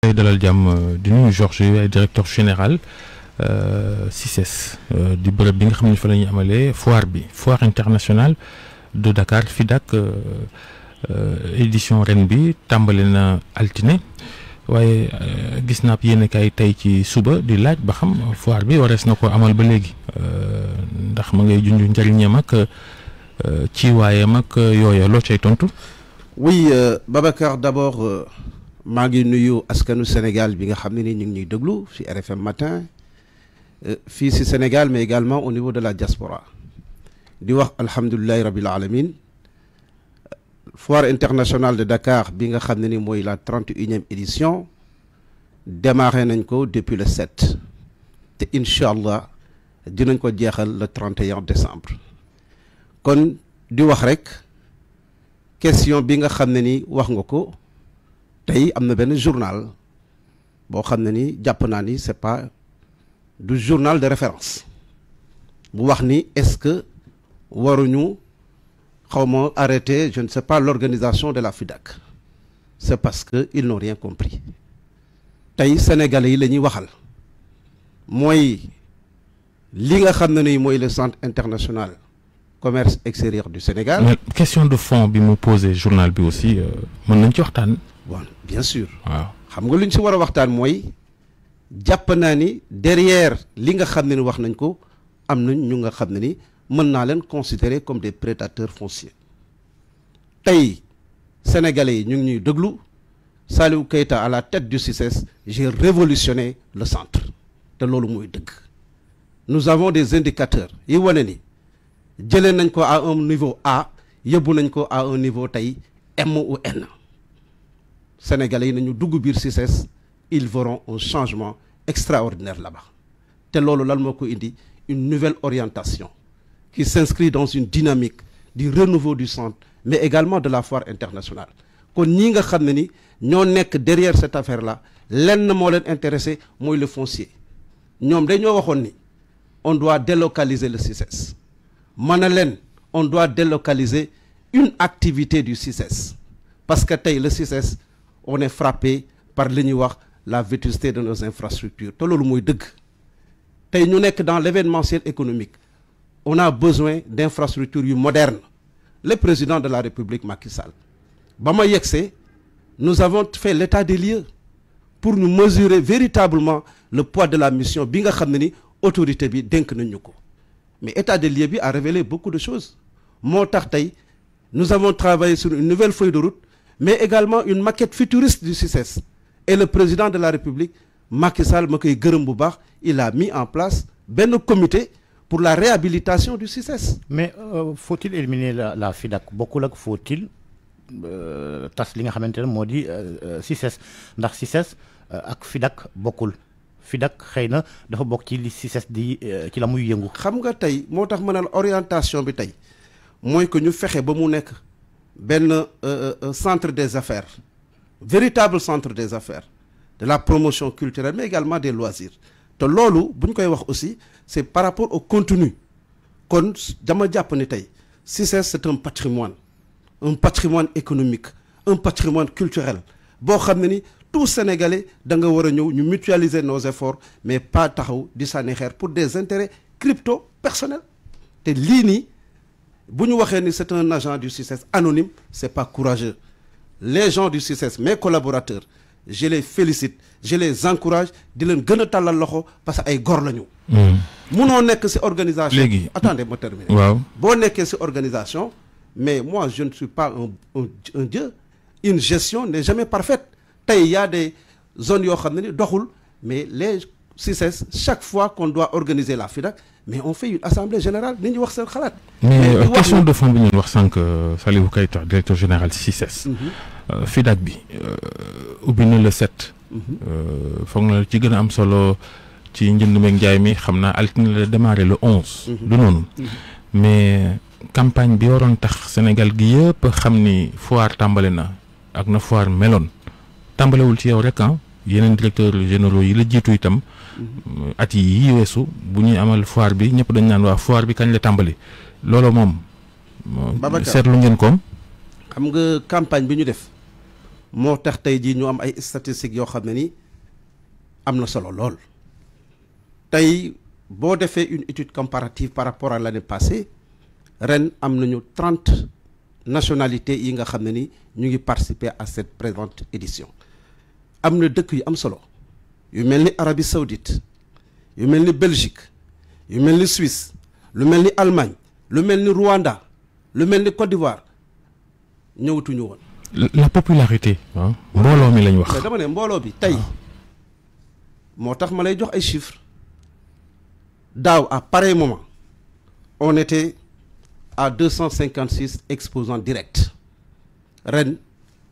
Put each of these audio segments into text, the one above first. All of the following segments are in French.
tey dalal euh, Diam di nuyu Georges euh, directeur général euh, euh du bureau bi nga xamni fa la amalé foire bi foire internationale de Dakar euh édition ren bi tàmbali na altiné waaye gis naa yéen kay tay ci suba di laaj ba xam foire bi warees na amal ba euh ndax ma ngay junj njëriñam ak ci wayam ak yooya loo tontu. oui Babacar d'abord magui nuyu askanu Sénégal bi nga xamné ni ñu déglu fi RFM matin euh, Fils ci Sénégal mais également au niveau de la diaspora di wax alhamdoulillah rabil alamin euh, foire internationale de Dakar bi nga xamné ni moy la 31e édition démarré nañ ko depuis le 7, té inshallah allah dinañ ko le 31 décembre kon di wax rek question bi nga xamné ni wax nga ko tay amna ben journal bo xamné ni japp na ni c'est pas du journal de référence bu wax ni est-ce que waruñu xaw arrêter je ne sais pas l'organisation de la FIDAC c'est parce que ils n'ont rien compris tay sénégalais yi lañuy waxal moy li nga xamné le centre international commerce extérieur du Sénégal. Euh, question de fond bi pose le journal bi aussi euh, mën nañ ci bon bien sûr. xam nga lu ci wara war a waxtaan mooy ni derrière li nga xam wax nañ ko am nañ ñu nga ni mën considérer comme des prédateurs fonciers Tay sénégalais ñu ñuy déglu Salou Keita à la tête du CICES j'ai révolutionné le centre De loolu nous avons des indicateurs yi wane ni jëlee ko à un niveau A J'ai à un niveau M ou N sénégalais dugg biir ils verront un changement extraordinaire là-bas té loolu lan moko indi une nouvelle orientation qui s'inscrit dans une dynamique du renouveau du centre mais également de la foire internationale kon ñi nga xamné ni derrière cette affaire là lenn mo leen intéressé moy le foncier ñom dañu ni on doit délocaliser le CISS. Manalen, on doit délocaliser une activité du CISS parce que tay le CISS on est frappé par la vétusté de nos infrastructures Tout le monde est Nous dans l'événementiel économique on a besoin d'infrastructures modernes le président de la République Macky Sall nous avons fait l'état des lieux pour nous mesurer véritablement le poids de la mission Binga nga autorité mais l'état des lieux a révélé beaucoup de choses Mon nous avons travaillé sur une nouvelle feuille de route mais également une maquette futuriste du CICES et le président de la République Macky Sall ma il a mis en place un comité pour la réhabilitation du CICES. mais euh, faut-il éliminer la la FIDAC bokkul ak faut-il euh, tas li nga xamantene ne moo di euh, ndax CICES ak FIDAC bokkul FIDAC xëy na dafa bokk ci li CICES di ci la muy yëngu. xam nga tey moo tax orientation bi tey que ñu fexe ba mu nekk un euh, euh, euh, centre des affaires véritable centre des affaires de la promotion culturelle mais également des loisirs te aussi c'est par rapport au contenu si c'est un patrimoine un patrimoine économique un patrimoine culturel tous les Sénégalais da mutualiser nos efforts mais pas pour des intérêts crypto personnels C'est si c'est un agent du succès anonyme ce n'est pas courageux les gens du succès, mes collaborateurs je les félicite je les encourage je les gën a loxo parce que ay gor lañu. que hmm. ces ci organisation. attendez vais terminer. waaw que que ci organisation. mais moi je ne suis pas un dieu une gestion n'est jamais parfaite Il y a des zones qui sont mais les succès. chaque fois qu'on doit organiser la FIDAC mais on fait une assemblée générale ni wax seen xalaat. mais euh, question de fond bi ñu wax sank euh, Salihou Kayta directeur général CICES. Mhm. Euh, FIDAK bi ubbi na le 7. Mhm. foog na ci gëna am solo ci njënd meeg njaay mi xamna naa altine la démarré le 11. Mhm. du noonu mais campagne bi waroon tax Sénégal gi yëpp xamni foire tàmbale na ak na foire tambalé wul ci yow rek hein yeneen directeur généraux yi la jitu itam ati yi weesu bu ñuy amal foire bi ñëpp dañ naan wa foire bi kañ la tàmbali loolu mom setlu ngeen kom xam nga campagne bi ñu def mo tax tay jii ñu am ay statistiques yo xam ne ni am solo lool tay bo defé une étude comparative par rapport à l'année passée ren am nañu 30 nationalités yi nga xam ni ñu ngi participer à cette présente édition amna dëkk yu am solo yu melni Arabie Saoudite yu melni Belgique yu Suisse lu Allemagne Rwanda lu Côte d'Ivoire la popularité. Hein, mi lañ wax. dama bi ma lay chiffres à pareil moment on était à 256 exposants directs ren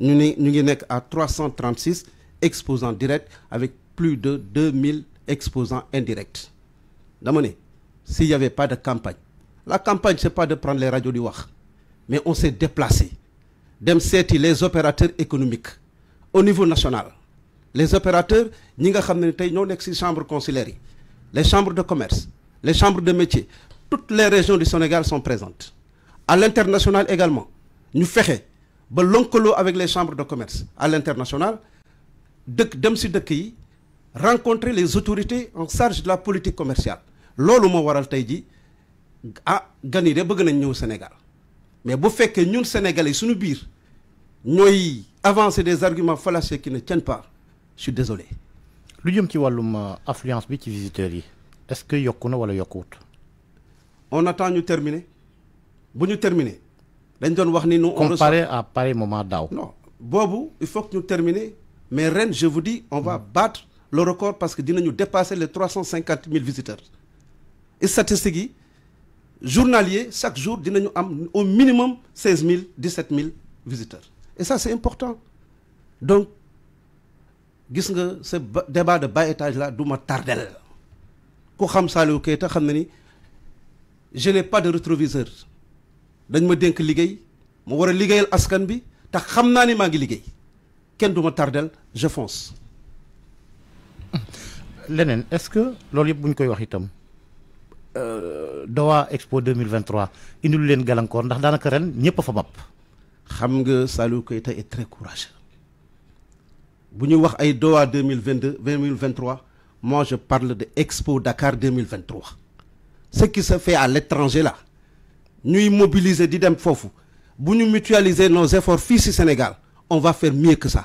ñu à 336 exposants directs avec plus de 2000 exposants indirects. Damone, s'il n'y avait pas de campagne, la campagne, ce n'est pas de prendre les radios du WAC, mais on s'est déplacé. les opérateurs économiques, au niveau national, les opérateurs, nous avons les chambres consulaires, les chambres de commerce, les chambres de métier, toutes les régions du Sénégal sont présentes. À l'international également, nous faisons avec les chambres de commerce à l'international. Dem de rencontrer les autorités en charge de la politique commerciale C'est ce waral tey ji ah gan yi au nañ Sénégal mais bu nous, ñun sénégalais suñu biir avancé avancer des arguments fallacieux qui ne tiennent pas je suis désolé. lu jëm ci wàllum euh, affluence bi ci visiteurs est-ce que yokku na wala yokkuwut. on attend de terminer bu ñu terminer dañ doon wax ni nous. comparé à pareil moment d'aujourd'hui. non Bobu, il faut que nous terminer mais Rennes, je vous dis on va hmm. battre le record parce que nous dépasser les 350 000 visiteurs. Et statistique, journalier, chaque jour, nous avons au minimum 16 000, 17 000 visiteurs. Et ça, c'est important. Donc, ce débat de bas étage-là, d'où tardel. Ko xam sa le ukeeta, xam nani, je n'ai pas de rétroviseur. Je me dénk liggéey, mo wara Je sais que je xam nani ma ngi liggéey. Ken d'où tardel, je fonce leneen est-ce que l'on yëpp bu euh, Doha Expo 2023 indilu leen gàllankoor ndax daanaka ren ñëpp a fa de xam nga Salou Keita est très courageux Si nous wax Doha 2022 2023 moi je parle de Expo Dakar 2023 ce qui se fait à l'étranger là nous immobiliser di dem nous Nous mutualiser nos efforts ici Sénégal on va faire mieux que ça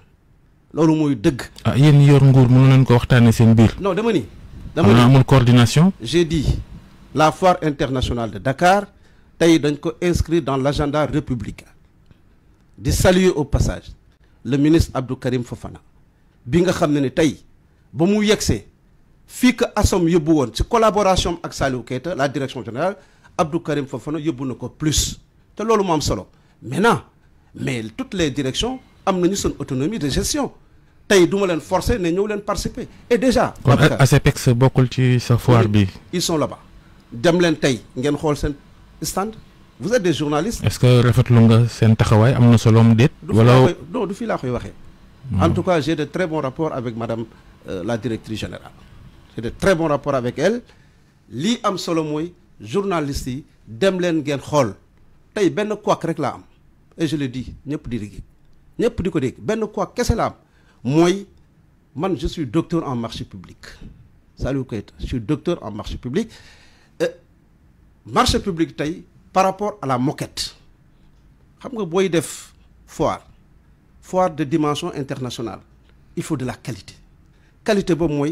lolu moy deug ah yéen yor nguur mën leen ko waxtane sen biir. non dama ni. dama ni amul coordination. j'ai dit la foire internationale de Dakar tay dañ ko inscrire dans l'agenda républicain di saluer au passage le ministre Abdou Karim Fofana bi nga xamné ne ni tey ba mu yegsee fii que assom yóbbu won ci collaboration ak Saliou Keita la direction générale Abdou Karim Fofana yóbbu nako plus te lolu mo am solo maintenant mais toutes les directions amnañu son autonomie de gestion tay du len forcer ne ñew len participer et déjà. kon ASEPEX bokkul ci sa foire bi. ils sont là-bas dem len tay ngeen xol sen stand vous êtes des journalistes. est-ce que lu nga sen taxaway amna solo soloom wala non du fi la koy waxee. Hmm. en tout cas j'ai de très bons rapports avec madame euh, la directrice générale. j'ai de très bons rapports avec elle Li am solo moy journalistes yi dem len ngeen xol tay ben couac rek la am et je le dis ñep di rigi ñep di ko deg ben quoi? Qu'est-ce am. Moi, je suis docteur en marché public Salut, je suis docteur en marché public euh, marché public par rapport à la moquette xam nga booy def foire foire de dimension internationale il faut de la qualité qualité bon moi,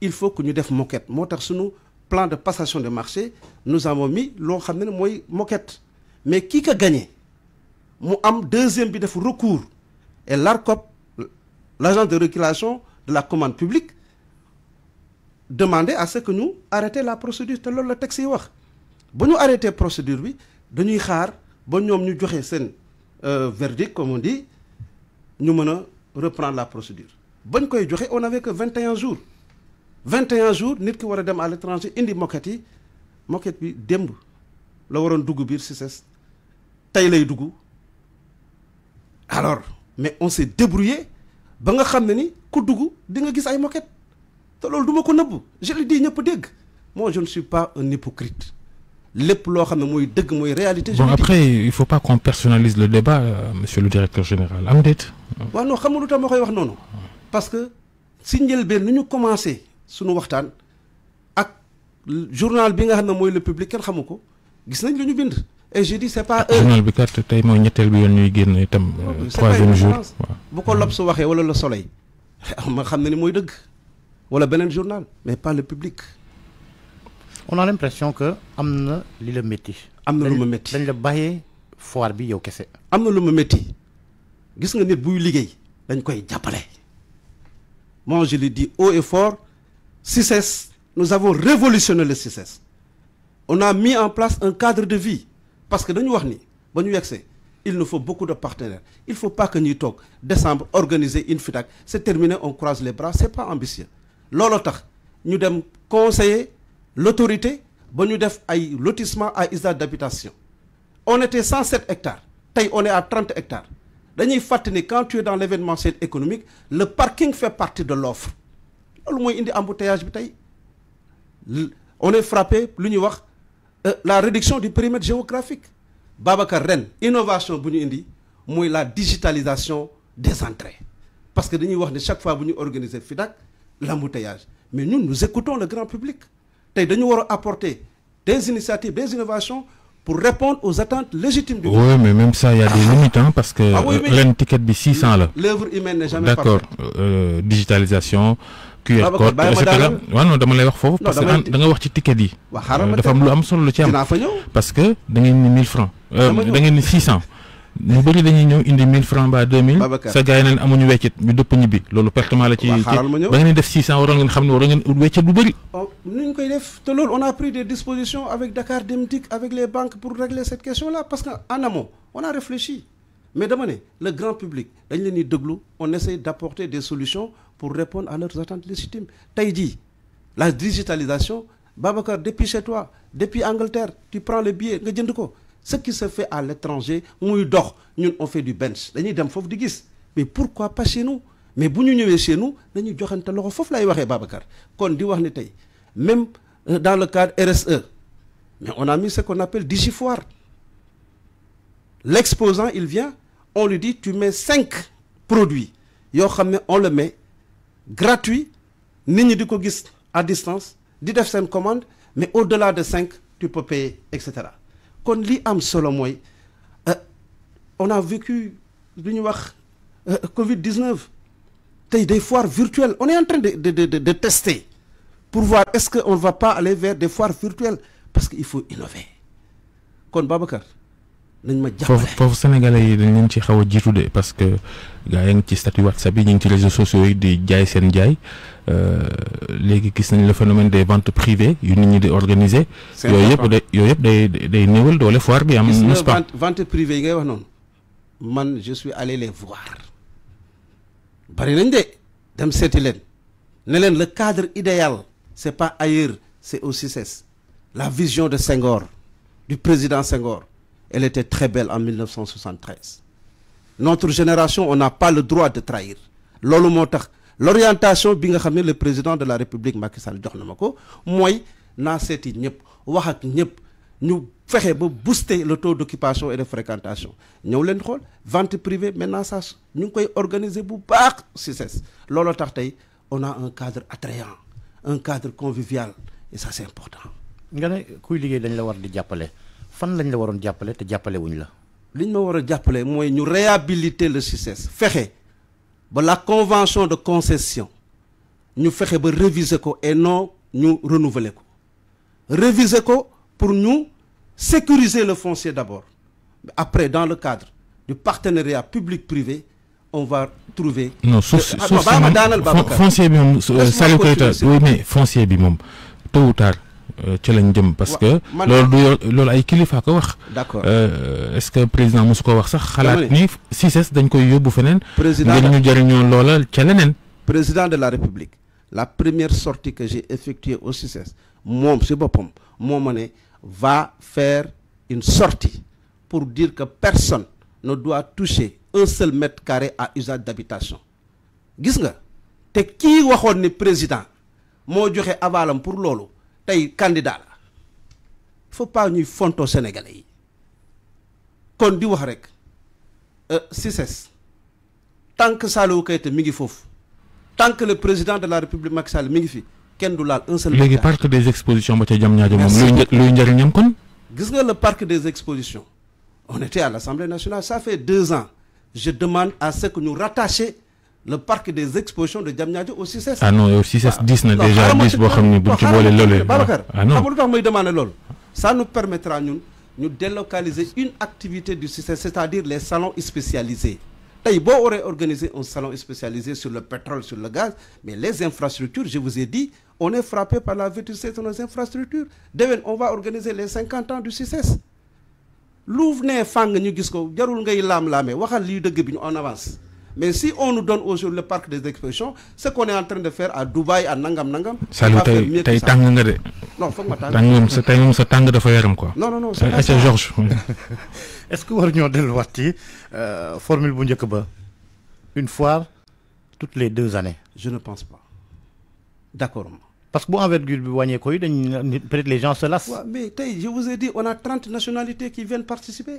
il faut que nous def moquette moo sur nous plan de passation de marché nous avons mis loo moquette mais qui a gagné mu am deuxième recours et l'ARCOP l'agent de régulation de la commande publique demandait à ce que nous arrêtions la procédure C'est le texte arrêter procédure bi nous xaar euh, verdict comme on dit nous devons reprendre la procédure bañ koy on avait que 21 jours 21 jours nous ki à l'étranger indi Mokati, bi e alors mais on s'est débrouillé ba nga xam ne ni ku dugg di nga gis ay moquette te loolu du ma ko nëbb je le dis ñëpp dégg moi je ne suis pas un hypocrite lépp loo xam ne mooy dëgg mooy réalité. bon après il faut pas qu'on personnalise le débat euh, monsieur le directeur général am déet. waaw non xam nga lu tax ma koy wax noonu parce que si njëlbeen nu ñu commencé suñu waxtaan ak journal bi nga xam ne mooy le public kenn xamu ko gis nañ lu ñu bind et je dis c'est pas eux. journal bi euh, troisième jour le soleil. ni wala journal mais pas le public. on a l'impression que amna li dañ la je le dis haut nous avons révolutionné le on a mis en place un cadre de vie parce que nous avons ni il nous faut beaucoup de partenaires il ne faut pas que nous talk décembre organiser une c'est terminé on croise les bras ce n'est pas ambitieux Nous tax conseiller l'autorité pour nous def un lotissement à usage d'habitation on était 107 hectares on est à 30 hectares quand tu es dans l'événementiel économique le parking fait partie de l'offre embouteillage on est frappé euh, la réduction du périmètre géographique Babacar ren innovation pour nous indi c'est la digitalisation des entrées parce que nous wax ne chaque fois que organisons organiser FIDAC, l'embouteillage mais nous, nous écoutons le grand public Nous dañu apporté apporter des initiatives des innovations pour répondre aux attentes légitimes du public. Oui, mais même ça, il y a des limites, hein, parce que ah oui, euh, ticket de 600 L'œuvre humaine n'est jamais D'accord, euh, digitalisation, QR ah, code et cetera waaw non dama lay wax fofu parce que da nga wax ci ticket yi dafa am lu am solo lu ci am parce que da ngay ni 1000 francs euh, da ngay ni 600 cent ñu bëri dañuy ñëw indi 1000 francs ba 2000 sa gaay yi neen amuñu weccit ñu dëpp ñibi loolu pertement la ci ci ba ngeen def 600 cent waroon ngeen xam ne waroon ngeen weccit bu bëri oh, nu ñu koy def te loolu on a pris des dispositions avec Dakar Dem Dikk avec les banques pour régler cette question là parce que en amont on a réfléchi mais dama ne le grand public dañ leen ni déglu on essaie d'apporter des solutions pour répondre à leurs attentes légitimes Taïdi, dit... la digitalisation Babacar depuis chez toi depuis Angleterre tu prends le billet ce qui se fait à l'étranger nous, dox on fait du bench dañuy dem di guise. mais pourquoi pas chez nous mais si nous chez nous nous joxante loxo foofu lay waxee Babacar kon di wax même euh, dans le cadre RSE mais on a mis ce qu'on appelle digifoire l'exposant il vient on lui dit tu mets 5 produits on le met gratuit ni du di à distance di faire une commande mais au-delà de 5, tu peux payer etc. Quand li solo euh, on a vécu le euh, Covid-19 des foires virtuelles on est en train de tester pour voir est-ce qu'on ne va pas aller vers des foires virtuelles parce qu'il faut innover les ma sénégalais yi dañ leen ci xaw a de parce que gars yi ngi ci statut whatsapp yi ngi ci réseaux sociaux yi di Sen seen jaay euh, léegi gis nañ le phénomène des ventes privées yu nit ñi di organiser. des yëpp day day day néewal foire bi am. n'est-ce pas vente privée ngay wax man je suis allé les voir. bari nañ de dem seeti leen ne le cadre idéal c'est pas ailleurs c'est au CICES e la vision de Senghor du président Senghor elle était très belle en 1973. Notre génération, on n'a pas le droit de trahir. L'orientation, le président de la République, Macky Sall, moi, dans cette nous faisons booster le taux d'occupation et de fréquentation. Nous avons vente privée, maintenant, nous avons organisé pour succès. On a un cadre attrayant, un cadre convivial, et ça, c'est important. Vous avez dit que vous fan lañ la réhabiliter le succès la convention de concession nous fexé ba réviser et non nous renouveler ko réviser pour nous, sécuriser le foncier d'abord après dans le cadre du partenariat public-privé on va trouver. non foncier bi euh, oui mais foncier bi tôt ou tard. Euh, ci lañ jëm parce que ay kilifa ko euh, est-ce que président président de la république la première sortie que j'ai effectuée au va faire une sortie pour dire que personne ne doit toucher un seul mètre carré à usage d'habitation gis nga te président avalam pour candidat la faut pas ñuy fonto sénégalais yi kon di wax rek euh, tant que ça le mi ngi tant que le président de la république Macky Sall mi ngi fi ken du un seul. parc des expositions ba jam le parc des expositions on était à l'Assemblée nationale ça fait deux ans je demande à ce que nous rattacher le parc des expositions de Diamniadio au 6 ah non au 6S 10 na déjà 10 boo xam ne buñ ci boole loolee. Babacar ah xam nous demander ça nous permettra ñun ñu délocaliser une activité du 6 cest c'est-à-dire les salons spécialisés si on aurait organisé un salon spécialisé sur le pétrole sur le gaz mais les infrastructures je vous ai dit on est frappé par la vétusté de nos infrastructures on va organiser les 50 ans du 6S lu fang, fàng ñu gis ko jarul ngay laam-laamee waxal lii on avance. Mais si on nous donne aujourd'hui le parc des expressions, ce qu'on est en train de faire à Dubaï, à Nangam Nangam, Salut, va faire mieux que ça. Non, faut de quoi. Non, non, non. C'est eh, Georges. Est-ce que vous avez le la formule ba Une fois toutes les deux années Je ne pense pas. D'accord. Parce que bon, avec peut-être les gens se lassent. Ouais, mais je vous ai dit, on a 30 nationalités qui viennent participer.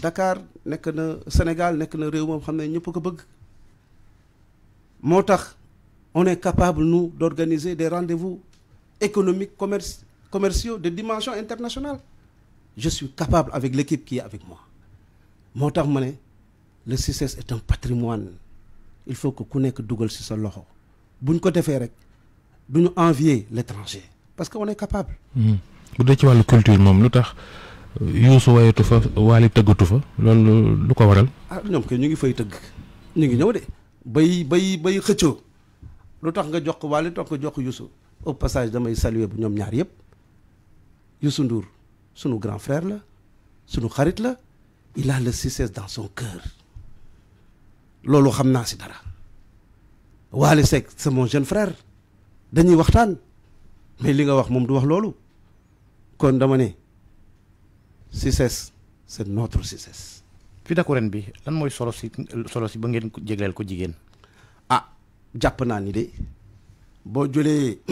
Dakar le Sénégal le Réunion, on est capable nous d'organiser des rendez-vous économiques commerciaux de dimension internationale je suis capable avec l'équipe qui est avec moi moo le succès est un patrimoine il faut que ku nekk dugal ci sa loxo buñ ko rek envier l'étranger parce qu'on est capable Vous hmm. avez ci la culture moom yuusu fa fa ko waral. ah ñu ngi fay ñu ngi de bay bay bay nga jox au passage damay saluer bu ñaar sunu grand frère la sunu xarit il a le Cissé dans son cœur Lolo xamna ci dara Wali, c'est mon jeune frère dañuy waxtaan mais li nga wax du wax kon c'est notre CICES. Puis, d'accord. bi lan solo solo si ah de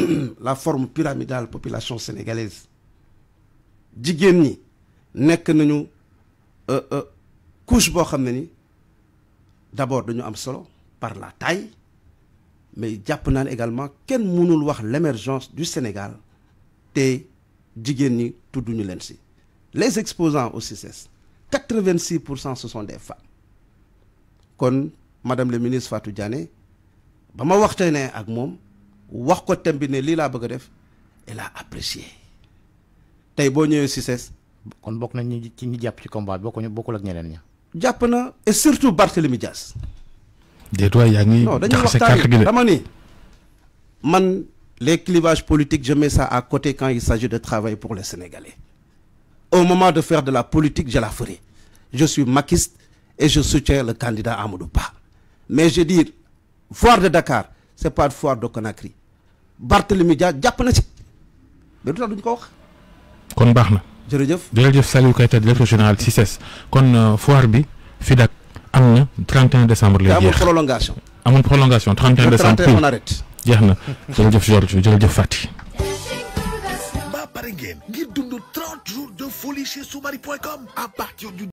la forme pyramidale population sénégalaise euh, euh, couche d'abord am solo par la taille mais également quel l'émergence du Sénégal te jigéen ñi les exposants au CICES 86 ce sont des femmes kon madame le ministre Fatou Diané ba ma waxtaanee ak moom wax ko thème bi ne lii bëgg a def elle a apprécié tey boo ñëwee CICES. kon bokk nañ ñu ci ñi jàpp ci combat bi bokkuñu bokkul ak ñeneen ña. jàpp na et surtout Barthélémy Diaz. des fois il y a carte gi dama ni man les clivages politiques je mets ça à côté quand il s'agit de travailler pour les Sénégalais. Au moment de faire de la politique, je la ferai. Je suis maquiste et je soutiens le candidat Ba. Mais je dis, foire de Dakar, c'est n'est pas foire de Conakry. Barthélemy Dia, Japonais. Mais tout ça, nous kon Je na directeur général kon euh, foire bi FIDAK 31 décembre lay jeex une prolongation prolongation 31 décembre on arrête pare ngeen ngir dund 30 jours de folie chez soumari.com à partir du